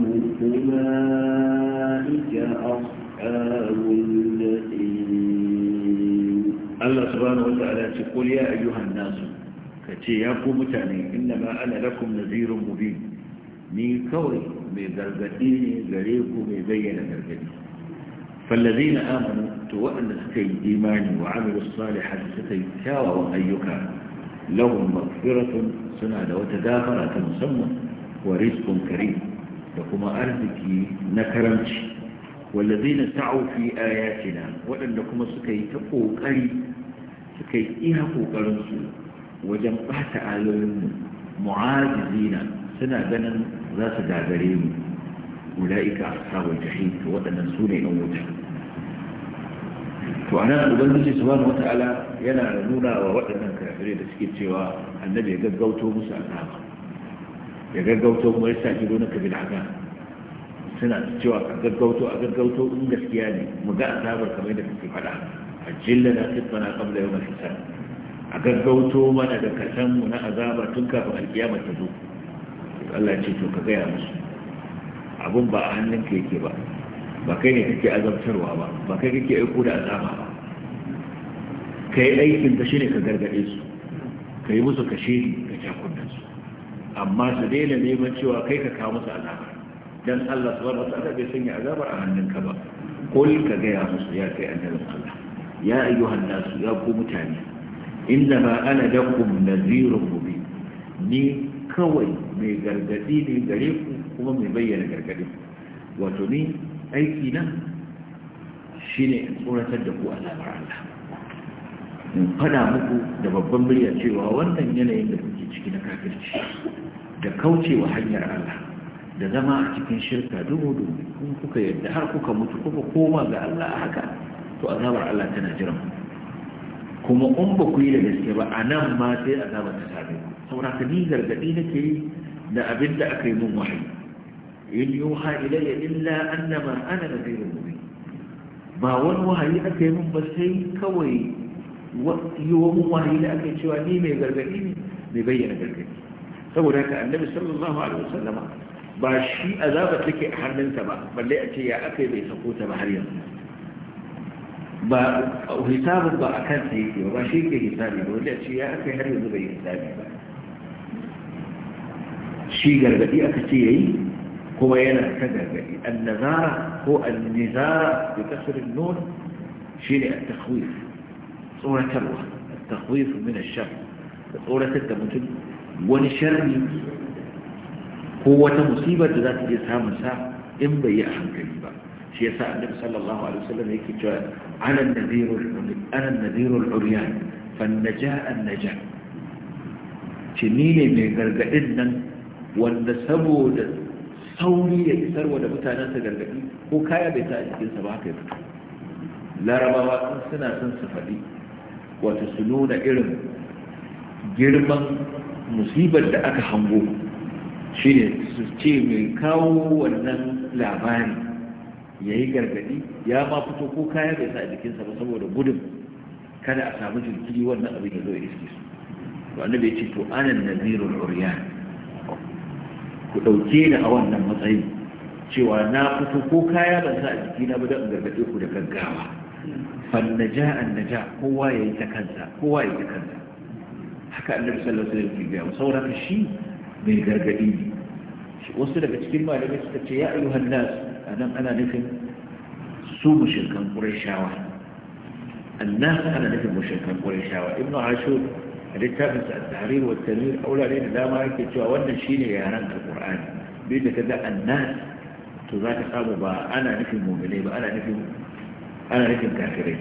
أولئك أصحاب الجحيم الله سبحانه وتعالى تقول يا أيها الناس كتياكم متاني إنما أنا لكم نذير مبين من kawai mai gargadi ne gare فالذين آمنوا تؤمن سكي إيمان وعملوا الصالحات سكي كاوى وأيكا لهم مغفرة سنادة وتدافرة مسمى ورزق كريم da kuma arziki na karamci wallazina sa'u a ayatina waɗanda kuma suka yi ta suka yi iya kokarin su wajen ɓata ayoyin mu mu'ajizina suna ganin za su gagare mu ulaika ashabul jahim to waɗannan su ne ɗan wuta to anan ubangiji subhanahu wata'ala yana nuna wa waɗannan kafirai da suke cewa annabi ya gaggauto musu azaba ya gaggauto kuma ya sa kiro na kabila haka suna cewa a gaggauto a gaggauto in gaskiya ne mu ga asabar kamar da kake faɗa a jilla na fitna kabla yau na fitar a gaggauto mana da kasan mu na azaba tun kafin alkiyama ta zo Allah ce to ka gaya musu abun ba a hannunka yake ba ba kai ne kake azabtarwa ba ba kai kake aiko da azaba ba ka yi aikin ka shine ka gargaɗe su ka yi musu kashe amma su daina neman cewa kai ka kawo musu azaba dan Allah subhanahu wataala bai sanya azabar a hannunka ba kul ka gaya musu ya kai annabin Allah ya ayyuhan nasu ya ku mutane inna ma ana lakum nadhirun mubin ni kawai mai gargadi ne gare ku kuma mai bayyana gargadi wato ni aiki na shine in tsoratar da ku azabar Allah in fada muku da babban murya cewa wannan yanayin da kuke ciki na kafirci da kaucewa hanyar Allah da zama a cikin shirka dubu kun kuka yadda har kuka mutu kuka koma ga Allah haka to azabar Allah tana jiran kuma in ba ku yi da gaske ba a nan ma sai azabar ta same ku saboda ka ni gargadi nake yi da abin da aka yi mun wahayi in yuha ilayya illa annama ana nadhirun ba wani wahayi aka yi mun ba sai kawai يوم وليلة كتوى نيمة قلبين نبين قلبين فقول هكا النبي صلى الله عليه وسلم باشي أذابة لك أحد من تبا بل لأتي يا أكي بيسقوت بحريا با حساب با أكاد سيدي وباشي كي حسابي بل لأتي يا أكي حريا نبي حسابي شي قلبي أكتي أي كما ينا كذلك النظارة هو النظارة بكسر النور شيء التخويف صورة كروة التخويف من الشر صورة التمتل ونشر قوة مصيبة ذات الإسهام ساعة إن بي أحم كريبا شيء النبي صلى الله عليه وسلم يكتب أنا النذير أنا النذير العريان فالنجاء النجاء تنيني من قرق إذنا والنسبو للصولي يكسر ولبتانا تقرقين هو كايا بتاعي كنسبها كيف لا ربما سنة سنسفة لي wato su nuna irin girman musibar da aka hango shi ne su ce mai kawo wannan labari ya yi gargadi ya ma fito ko kaya bai sa jikinsa ba saboda gudun kada a samu jirgin wannan abin ya zo ya iske su Wani bai ce to anan nazirul uriyan ku ɗauke ni a wannan matsayi cewa na fito ko kaya ban sa a jikina ba don gargade ku da gaggawa فالنجاء النجاء هو يتكنسى هو يتكنسى haka annabi sallallahu alaihi wasallam ya saura shi mai gargadi ne wasu daga cikin malamai suka ce ya ayyuhan nas anan ana nufin su mushrikan qurayshawa annas ana nufin mushrikan qurayshawa ibnu ashur littafin sa at-tahrir wa at-tanwir da dama yake cewa wannan shine yaran alqur'ani bi da kaza annas samu ba ana nufin mu'mine ba ana nufin ana nufin kafirai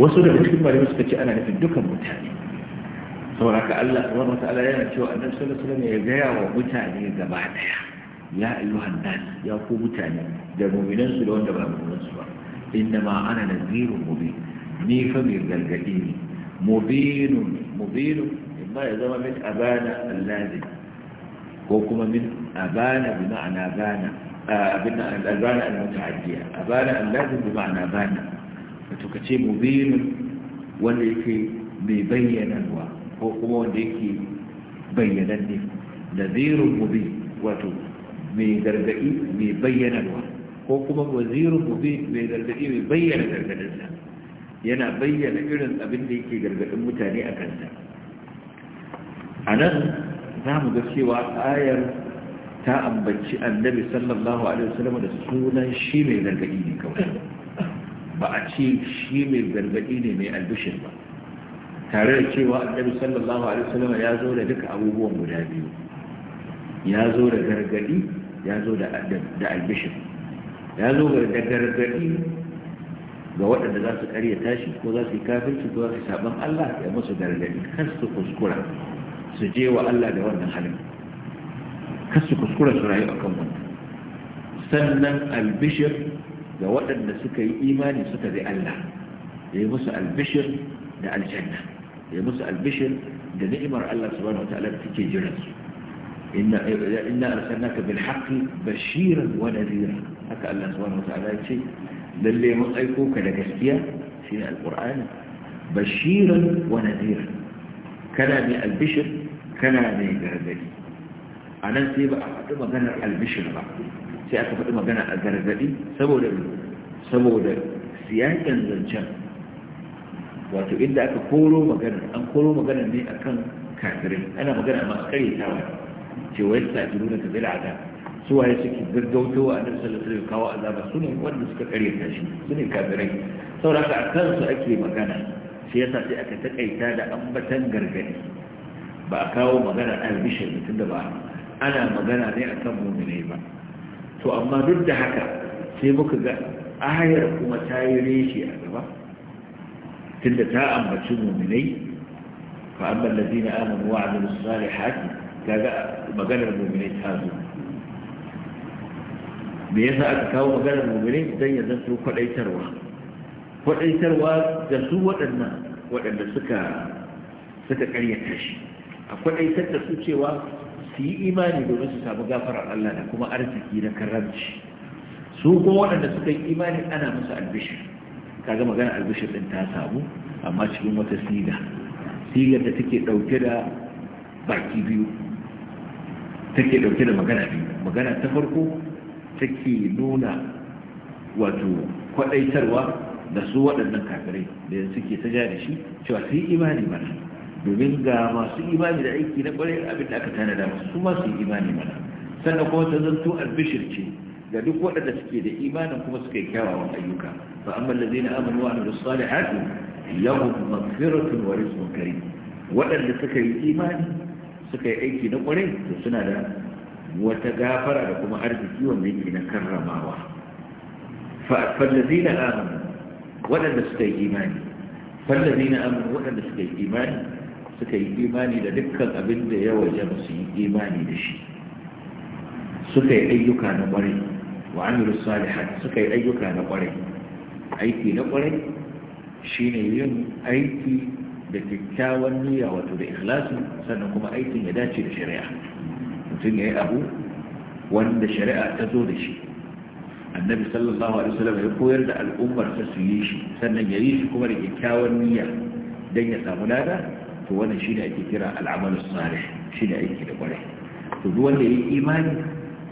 wasu da cikin malamai suka ce ana nufin dukan mutane saboda ka Allah subhanahu wataala yana cewa annabi sallallahu alaihi wasallam ya gaya wa mutane gaba daya ya ayyuhan nas ya ku mutane da mu'minan su da wanda ba mu'minan su ba inna ma ana nazirun mubin ni fa mai gargadi ne mubinun mubinun imma ya zama min abana allazi ko kuma min abana bi ma'ana gana. abin albana almutaaddiya abana allazim bi ma'ana bana wato kace mubin wanda yake bai bayyanarwa ko kuma wanda yake bayyananne nazirun mubin wato mai gargadi mai bayyanarwa ko kuma wazirun mubin mai gargadi mai bayyana gargadinsa yana bayyana irin abin da yake gargadin mutane a kansa a nan za mu ga cewa ayar ta ambaci annabi sallallahu alaihi wasallam da sunan shi mai gargadi ne kawai ba a ce shi mai gargadi ne mai albishir ba tare da cewa annabi sallallahu alaihi wasallam ya zo da duka abubuwan guda biyu ya zo da gargadi ya zo da albishir ya zo da gargadi ga waɗanda za su karya tashi ko za su yi kafirci ko za su saban Allah ya musu gargadi kan su kuskura su je wa Allah da wannan halin kasu kuskura su rayu kan wannan sannan albishir ga waɗanda suka yi imani suka bi Allah ya yi musu albishir da aljanna ya yi musu albishir da ni'imar Allah subhanahu wa ta'ala da take jiran su inna inna arsalnaka bil haqqi bashiran wa nadhira haka Allah subhanahu wa ta'ala ya ce lalle mun aiko ka da gaskiya shine alqur'ani bashiran wa nadhira kana mai albishir kana mai gargadi a nan sai ba a faɗi maganar albishin ba sai aka faɗi magana a gargaɗi saboda saboda siyakin zancen wato inda aka koro magana an koro magana ne a kan kafirin ana magana masu karyatawa ce wa yasta jiru da kabila a su waye suke gaggautowa a nan sallallahu alaihi kawo azaba su ne wanda suka karyata shi su ne kafirai sauraka a kansu ake magana shi yasa sai aka taƙaita da ambatan gargaɗi ba a kawo magana albishir da ba ana magana ne akan mu'minai ba to amma duk da haka sai muka ga ayar kuma ta yi reshe a gaba tunda ta ambaci mu'minai fa amma na amanu wa amilus salihati ga maganar mu'minai ta zo me yasa aka kawo maganar mu'minai dan ya zanto kwadaitarwa kwadaitarwa da su waɗannan waɗanda suka suka karyata shi a kwadaitar da su cewa su yi imani domin su samu gafarar Allah da kuma arziki da karanci su kuma waɗanda suka yi imani ana musu albishir ga magana albishir din ta samu amma cikin wata siga sigar da take ɗauke da baki biyu take ɗauke da magana biyu magana ta farko take nuna wato kwaɗaitarwa da su waɗannan kafirai da suke ta da shi cewa su yi imani mana domin ga masu imani da aiki na kwarai abin da aka tanada masu su masu imani mana sannan kuma ta zanto albishir ce ga duk waɗanda suke da imanin kuma suka yi kyawawan ayyuka fa amma na amanu wa amilus salihati lahum maghfiratun wa rizqun karim waɗanda suka yi imani suka yi aiki na kwarai to suna da wata gafara da kuma arziki wanda yake na karramawa fa na amanu waɗanda suka yi imani na amanu waɗanda suka yi imani suka yi imani da dukkan abin da ya waje su yi imani da shi suka yi ayyuka na ƙwarai wa amiru salihat suka yi ayyuka na ƙwarai aiki na ƙwarai shine yin aiki da kyakkyawan niyya wato da ikhlasi sannan kuma aikin ya dace da shari'a mutum ya yi abu wanda shari'a ta zo da shi annabi sallallahu alaihi wasallam ya koyar da al'ummar ta su yi shi sannan ya yi shi kuma da kyakkyawan niyya don ya samu lada to wannan shi ne ake kira al'amalu salih shi ne aiki da kwarai to duk wanda ya yi imani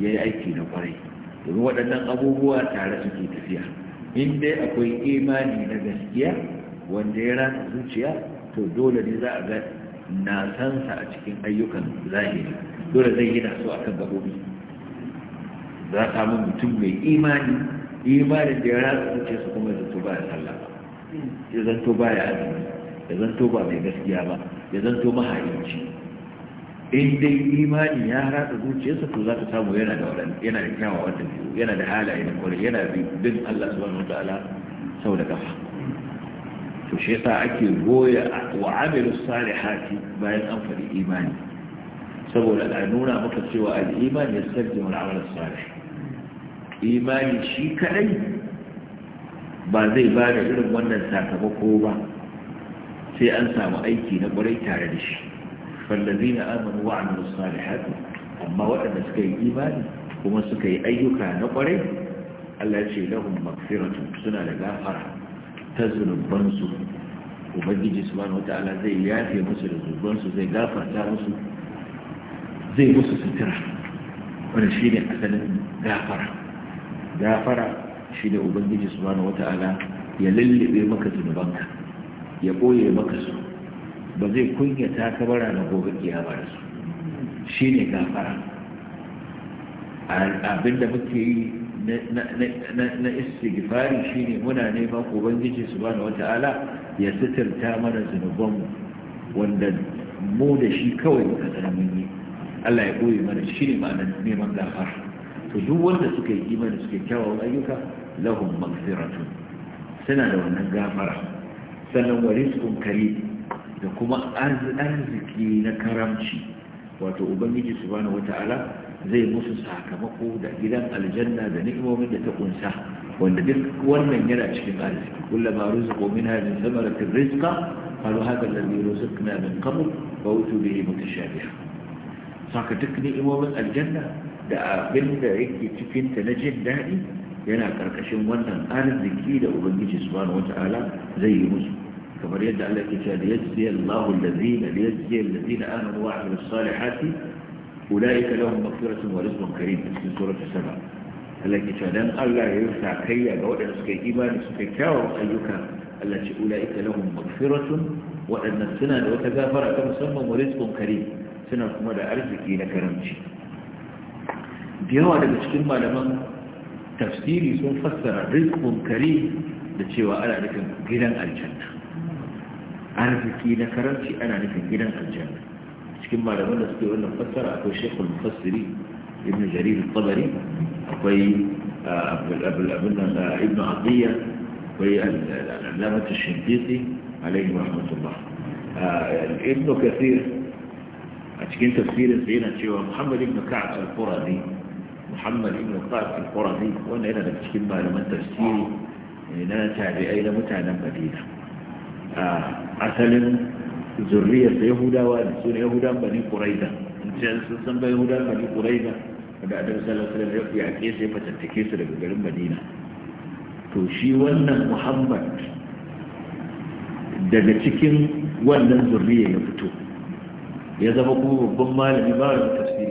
ya yi aiki da kwarai domin waɗannan abubuwa tare suke tafiya in dai akwai imani na gaskiya wanda ya rasa zuciya to dole ne za a ga na sansa a cikin ayyukan zahiri dole zai yi naso a kan gaɓoɓi za a samu mutum mai imani imanin da ya rasa zuciyarsa kuma zato ba ya sallah ya zanto ba ya azumi ya zanto ba mai gaskiya ba ya zanto mahaici in dai imani ya ratsa zuciyarsa to za ta samu yana da yana da kyawawan yana da halaye da kwarai yana bin Allah subhanahu wataala sau da kafa to shi yasa ake goya wa amilu salihati bayan an faɗi imani saboda a nuna maka cewa al-iman yastarjimu al-amal salih imani shi kadai ba zai ba da irin wannan sakamako ba sai an samu aiki na ƙwarai tare da shi fallazi na amanu wa da salihatu amma waɗanda suka yi imani kuma suka yi ayyuka na ƙwarai Allah ce lahum magfiratu suna da gafara ta zunubansu ubangiji su wata ala zai yafe musu da zunubansu zai gafarta musu zai musu sutura wanda shine asalin gafara gafara shi ne ubangiji su wata ala ya lullube maka zunubanka ya ɓoye maka su ba zai kunya ka na gobe kiyama da su shi ne gafara abin da muke yi na istighfari shi ne muna nema ubangiji su bani wata'ala ya sitirta mana zunubanmu wanda mu da shi kawai muka mun yi Allah ya ɓoye mana shi ne ma'anar neman gafara to duk wanda suka yi imani suke kyawawan ayyuka lahum maghfiratun suna da wannan gafara sannan wa rizqun da kuma arziki na karamci wato ubangiji subhanahu wata'ala zai musu sakamako da gidan aljanna da ni'imomin da ta kunsa wanda duk wannan yana cikin arziki kullama rizqu minha min thamaratir rizqa qalu hadha alladhi rizqna min qabl wa utu bihi mutashabiha saka duk ni'imomin aljanna da abin da yake cikin ta na jin daɗi yana karkashin wannan arziki da ubangiji subhanahu wata'ala zai yi musu kamar yadda Allah ke cewa yajzi Allahu allazina yajzi allazina amanu wa amilus salihati ulaika lahum maghfiratun wa rizqun karim cikin surah saba Allah ke cewa dan Allah ya yi sakayya ga waɗanda suka yi imani suka yi kyawawan ayyuka Allah ce ulaika lahum maghfiratun waɗannan suna da wata gafara ta musamman wa rizqun karim suna kuma da arziki na karamci da yawa daga cikin malaman tafsiri sun fassara rizqun karim da cewa ana nufin gidan aljanna arziki na karanci ana nufin gidan aljanna cikin malaman da suke wannan fassara akwai shekul mufassiri ibn jarir al-tabari akwai ibn atiyya akwai al-alamat ash-shinqiti alayhi rahmatullah ibn kathir a cikin tafsirin sa yana cewa muhammad ibn ka'ab al-qurani muhammad ibn qas al-qurani wanda yana da cikin malaman tafsiri eh, na tabi'ai na mutanen madina asalin zurriyar da yahudawa da suna yahudan bani quraiza sun san bai yahudan bani quraiza da adam sallallahu alaihi wasallam ya ke sai fatattake su daga garin madina to shi wannan muhammad daga cikin wannan zurriya ya fito ya zama kuma babban malami ba da tafsiri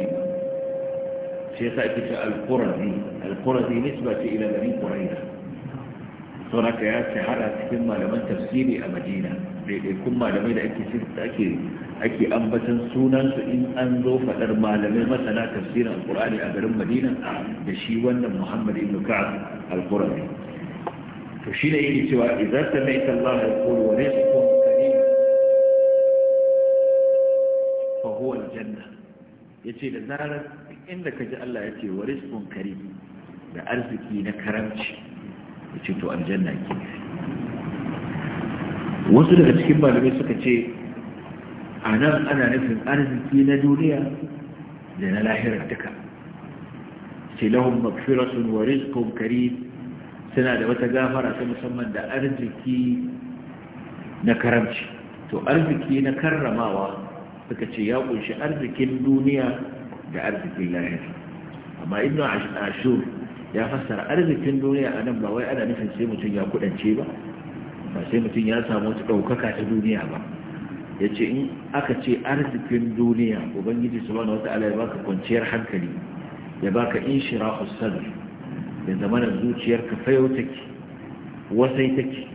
shi yasa ake ce alqurazi alqurazi nisba ce ila bani quraiza saboda ya ce hada cikin malaman tafsiri a madina daidaikun malamai da ake ake ake ambatan in an zo faɗar malamai masana tafsirin alqur'ani a garin madina da shi wannan muhammad ibn ka'ab to shi ne yake cewa idan sami'ta Allah yaqul wa rizqun karim fa huwa aljanna yace da zarar inda ka ji Allah ya ce wa rizqun karim da arziki na karamci yace to aljanna ke wasu daga cikin malamai suka ce a nan ana nufin arziki na duniya da na lahirar duka ce lahu'n magfiratun wa rizqun karim suna da wata gafara ta musamman da arziki na karamci to arziki na karramawa suka ce ya kunshi arzikin duniya da arzikin lahira amma ibn ashur ya fassara arzikin duniya a nan ba wai ana nufin sai mutum ya kudance ba ba sai mutum ya samu wata ɗaukaka ta duniya ba ya ce in aka ce arzikin duniya ubangiji subhanahu wata ya baka kwanciyar hankali ya baka inshirahu sadr ya zama na zuciyarka fayau take wasai take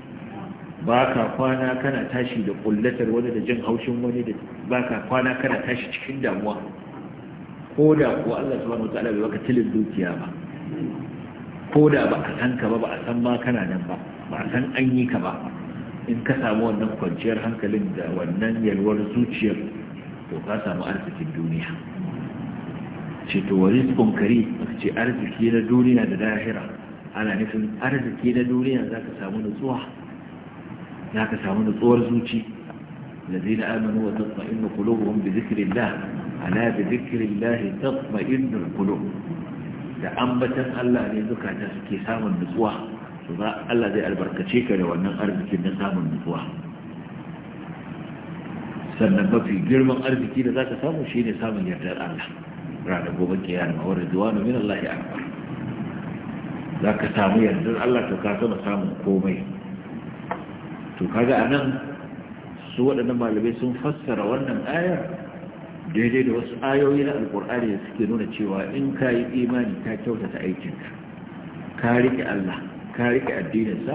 ba ka kwana kana tashi da kullatar wani da jin haushin wani da ba ka kwana kana tashi cikin damuwa ko da kuwa Allah subhanahu wataala bai baka tilin dukiya ba ko da ba a san ka ba ba a san ma kana nan ba ba a san an yi ka ba in ka samu wannan kwanciyar hankalin da wannan yalwar zuciyar to ka samu arzikin duniya ce to wa rizqun ce arziki na duniya da lahira ana nufin arziki na duniya zaka samu nutsuwa samu nutsuwar zuci الذين آمنوا وتطمئن قلوبهم بذكر الله ana bi الله تطمئن القلوب da ambatan Allah ne zukata suke samun nutsuwa to ba Allah zai albarkace ka da wannan arzikin na samun nutsuwa sannan mafi girman arziki da zaka samu shine samun yardar Allah ranar gobe kiyama wa ridwanu min Allah akbar zaka samu yardar Allah to ka sama samun komai to kaga anan su waɗannan malamai sun fassara wannan ayar daidai da wasu ayoyi na alkur'ani da suke nuna cewa in ka yi imani ka kyautata aikinka ka riƙe Allah ka riƙe addininsa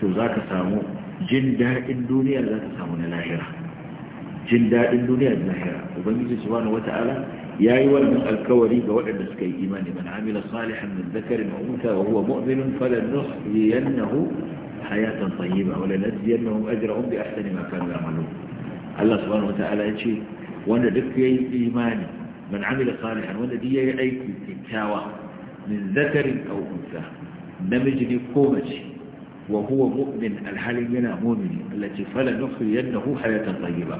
to za ka samu jin daɗin duniya za ka samu na lahira jin daɗin duniya da lahira ubangiji subhanahu wata'ala ya yi wannan alkawari ga waɗanda suka yi imani mana amila salihan min dhakarin aw unsa wa huwa mu'minun falanuhyiyannahu hayatan tayyiba wa lanajziyannahu ajrahum bi ahsani ma kanu ya'malun Allah subhanahu ta'ala, ya ce wanda duk ya yi imani man amila salihan wanda duk ya yi aiki kyakkyawa min zakarin aw namiji ne ko mace wa huwa mu'min alhalin yana mu'mini allati fala nuhyiyannahu hayatan tayyiba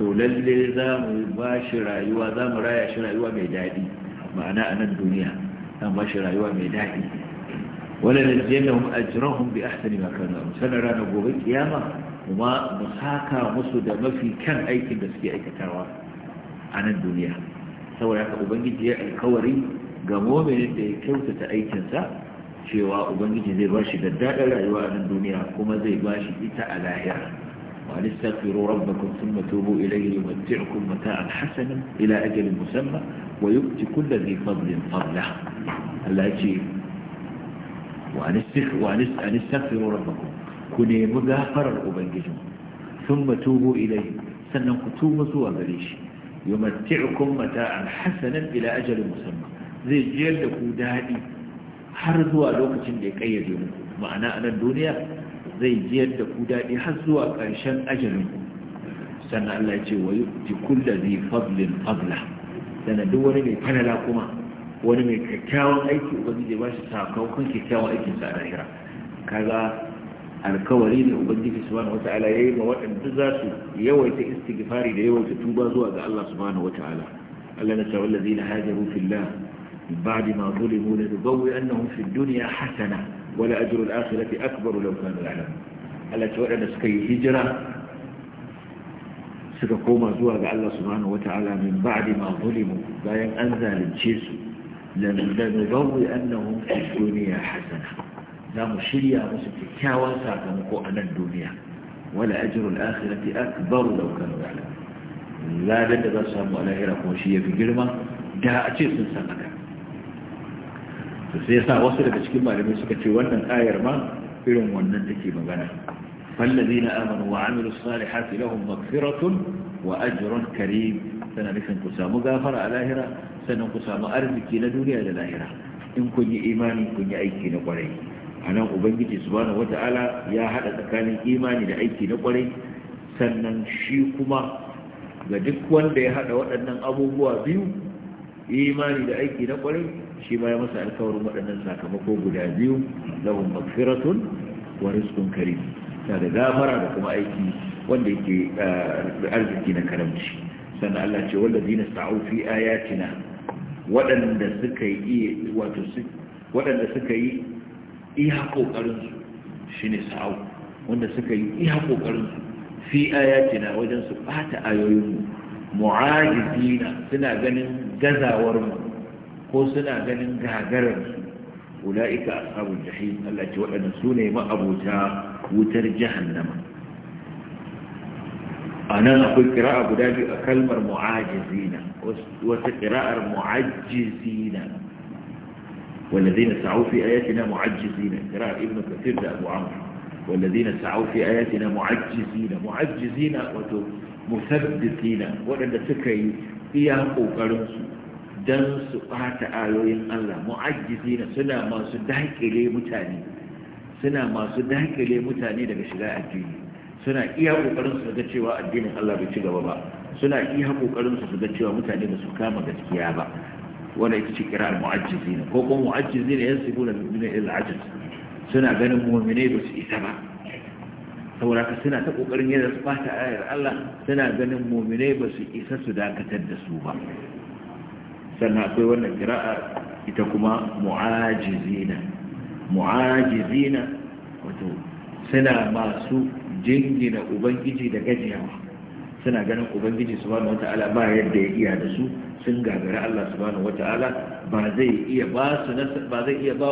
to lalle za mu ba shi rayuwa za mu raya shi rayuwa mai daɗi ma'ana a nan duniya za mu ba shi rayuwa mai daɗi wala najjiyannahum ajrahum bi ahsani ma kanu sanar ranar gobe kiyama kuma mu saka musu da mafi kan aikin da suke aikatawa a nan duniya saboda haka ubangiji ya alkawari ga mominin da ya kyautata aikinsa cewa ubangiji zai ba shi daddaɗar rayuwa a nan duniya kuma zai ba shi ita a lahira wani stafiru rabbakun sun matubu ilayhi matti'ukum mata'an hasanan ila ajalin musamman wa yukti kullu zai fadlin fadla Allah ce wani stafiru rabbakun ku nemi gafarar ubangijin sun matubu ilayhi sannan ku tuba zuwa gare shi yumatti'ukum mata'an hasanan ila ajalin musamman zai jiyar da ku daɗi har zuwa lokacin da ya kayyade muku ma'ana a nan duniya zai jiyar da ku daɗi har zuwa ƙarshen ajalin ku sannan Allah ya ce wa yu'ti kulli dhi fadlin fadla sannan duk wani mai falala kuma wani mai kyakkyawan aiki ubangiji ya bashi shi sakamakon kyakkyawan aikin sa a lahira kaga alkawari da ubangiji subhanahu wata'ala yayi ma waɗanda za su yawaita istighfari da yawaita tuba zuwa ga Allah subhanahu wata'ala Allah na ce wallazina hajaru fillah ba'da ma zulimu la lanubawi annahum fid dunya hasana wala ajru al-akhirati akbaru law kanu ya'lamun Allah ce waɗanda suka yi hijira suka koma zuwa ga Allah subhanahu wata'ala min ba'da ma zulimu bayan an zalunce su la lanubawi annahum fid dunya hasana za mu shirya musu kyakkyawan sakamako a nan duniya wani ajrul akhirati akbaru law kanu ya'lamun ladan da za su samu a lahira kuma shi ya fi girma da a ce sun san haka sai sa wasu daga cikin malamai suka ce wannan ayar ma irin wannan take magana fallazina amanu wa amilu hafi lahum maghfiratun wa ajrun karim sana nufin ku samu gafara a lahira sannan ku samu arziki na duniya da lahira in kun yi imani kun yi aiki na kwarai anan nan ubangiji subhanahu wata'ala ya haɗa tsakanin imani da aiki na kwarai sannan shi kuma ga duk wanda ya haɗa waɗannan abubuwa biyu imani da aiki na kwarai shi ma ya masa alkawarin waɗannan sakamako guda biyu lahum magfiratun wa rizqun karim da gafara da kuma aiki wanda yake eh, arziki na karamci sannan Allah ce zina sa'u fi ayatina waɗanda suka yi wato waɗanda suka yi iya kokarin su shine sa'au wanda suka yi iya kokarin su fi ayatina wajen su bata ayoyin mu mu'ajizina suna ganin gazawar mu ko suna ganin gagarar su ulaika ashabul jahim Allah ce waɗannan sune ma wutar jahannama a nan akwai kira'a guda biyu a kalmar mu'ajizina wata kira'ar mu'ajizina والذين سعوا في آياتنا معجزين قراءة ابن كثير ده أبو عمرو والذين سعوا في آياتنا معجزين معجزين وتو مثبتين وأن سكي إياه قرنس دنس قات آيوين الله معجزين سنة ما سدهك إليه متاني suna masu dakile mutane daga shiga addini suna iya kokarin su ga cewa addinin Allah bai ci gaba ba suna iya kokarin su ga cewa mutane ba su kama gaskiya ba wanda ita ce kira mu'ajjizi ne ko kuma mu'ajjizi ne yan siguna mu'minin il ajiz suna ganin mu'minai ba su isa ba saboda ka suna ta kokarin yadda su bata ayar Allah suna ganin mu'minai ba su isa su dakatar da su ba sannan akwai wannan kira'a ita kuma mu'ajizina mu'ajizina wato suna masu jingina ubangiji da gajiyawa suna ganin ubangiji subhanahu wata'ala ba yadda ya iya da su sun gagari Allah subhanahu wata'ala ba zai iya ba su ba zai iya ba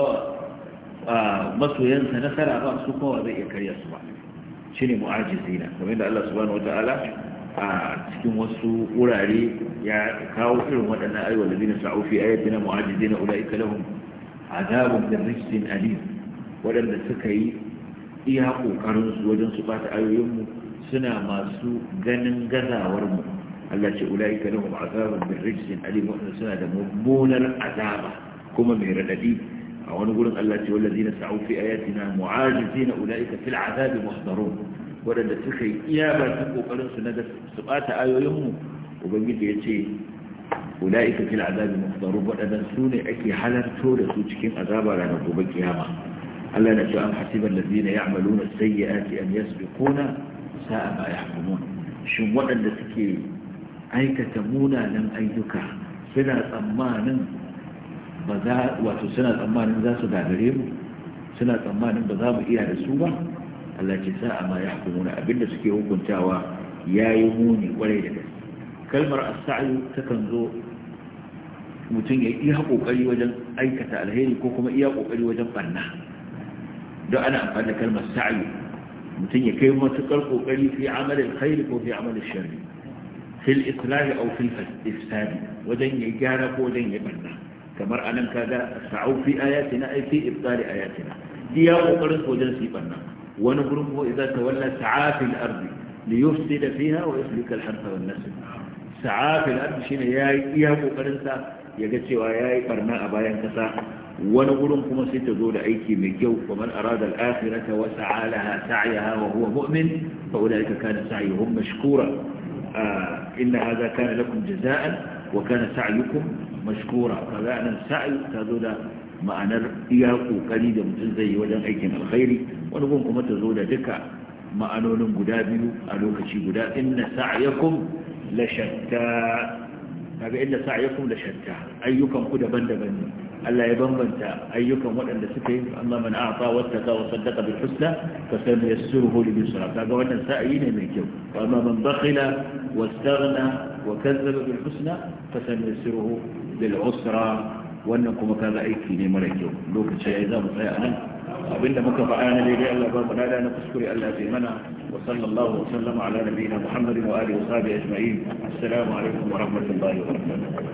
masoyansa nasara ba su kuma zai iya karya su ba shine mu'ajizina kamar da Allah subhanahu wata'ala a cikin wasu wurare ya kawo irin waɗannan ayyuka da zina sa'u fi ayatina mu'ajizina ulaika lahum azabun min rijsin alim waɗanda suka yi iya kokarin su wajen su bata ayoyin mu suna masu ganin gazawar mu Allah ce ulaika lahum azabun min rijzin alim wa suna da mummunar azaba kuma mai radadi a wani gurin Allah ce wallazina sa'u fi ayatina mu'ajizina ulaika fil azabi muhdarun wadanda suka yi iya su kokarin su na da su bata ayoyin mu ubangiji ya ce ulaika fil azabi muhdarun wadanda su ne ake halarto da su cikin azaba ranar gobe kiyama Allah na ce an hasiba allazina ya'maluna sayyi'ati an yasbiquna sa'a ma yahkumun shin waɗanda suke aikata munanan ayyuka suna tsammanin ba za wato suna tsammanin za su gagare mu suna tsammanin ba za mu iya da su ba Allah ce sa'a ma ya hukumuna abinda suke hukuntawa ya yi muni kwarai da gaske kalmar as ta kan zo mutum ya iya kokari wajen aikata alheri ko kuma iya kokari wajen barna don ana amfani da kalmar sa'yu mutum ya kai matuƙar kokari fi amalin khairi ko fi amalin sharri fil islahi aw fil ifsadi wajen ya gyara ko wajen ya barna kamar anan kaga sa'u fi ayatina ay fi ibtali ayatina iya kokarin wajen su barna wani gurin ko idan tawalla sa'a fil ardi li wa yuslika al harfa wan nasl sa'a fil ardi shine yayi iya kokarin sa yaga cewa yayi barna a bayan kasa wani gurin kuma sai ta zo da aiki mai kyau kamar arada wa laha wa huwa mu'min fa ulaika mashkura inna hadha kana lakum jaza'an wa kana sa'yukum mashkura kaga nan sa'i ta zo da ma'anar iya kokari da mutum zai yi wajen aikin alkhairi wani gun ta zo da duka ma'anonin guda biyu a lokaci guda inna sa'yakum la shatta kaga inna ayyukan ku daban-daban ne Allah ya bambanta ayyukan waɗanda suka yi amma man a'ta wattaqa wa saddaqa bil husna fa sanyassiruhu lil yusra kaga wannan sa'i ne mai kyau wa amma man bakhila wastaghna wa kazzaba bil husna fa sanyassiruhu lil usra wannan kuma kaga aiki ne mara kyau lokaci yayi za mu tsaya anan abinda muka faɗa na daidai Allah ba mu nada na kuskure Allah bai mana wa sallallahu wa sallama ala nabiyina Muhammadin wa alihi wa sahbihi ajma'in assalamu alaikum wa rahmatullahi wa barakatuh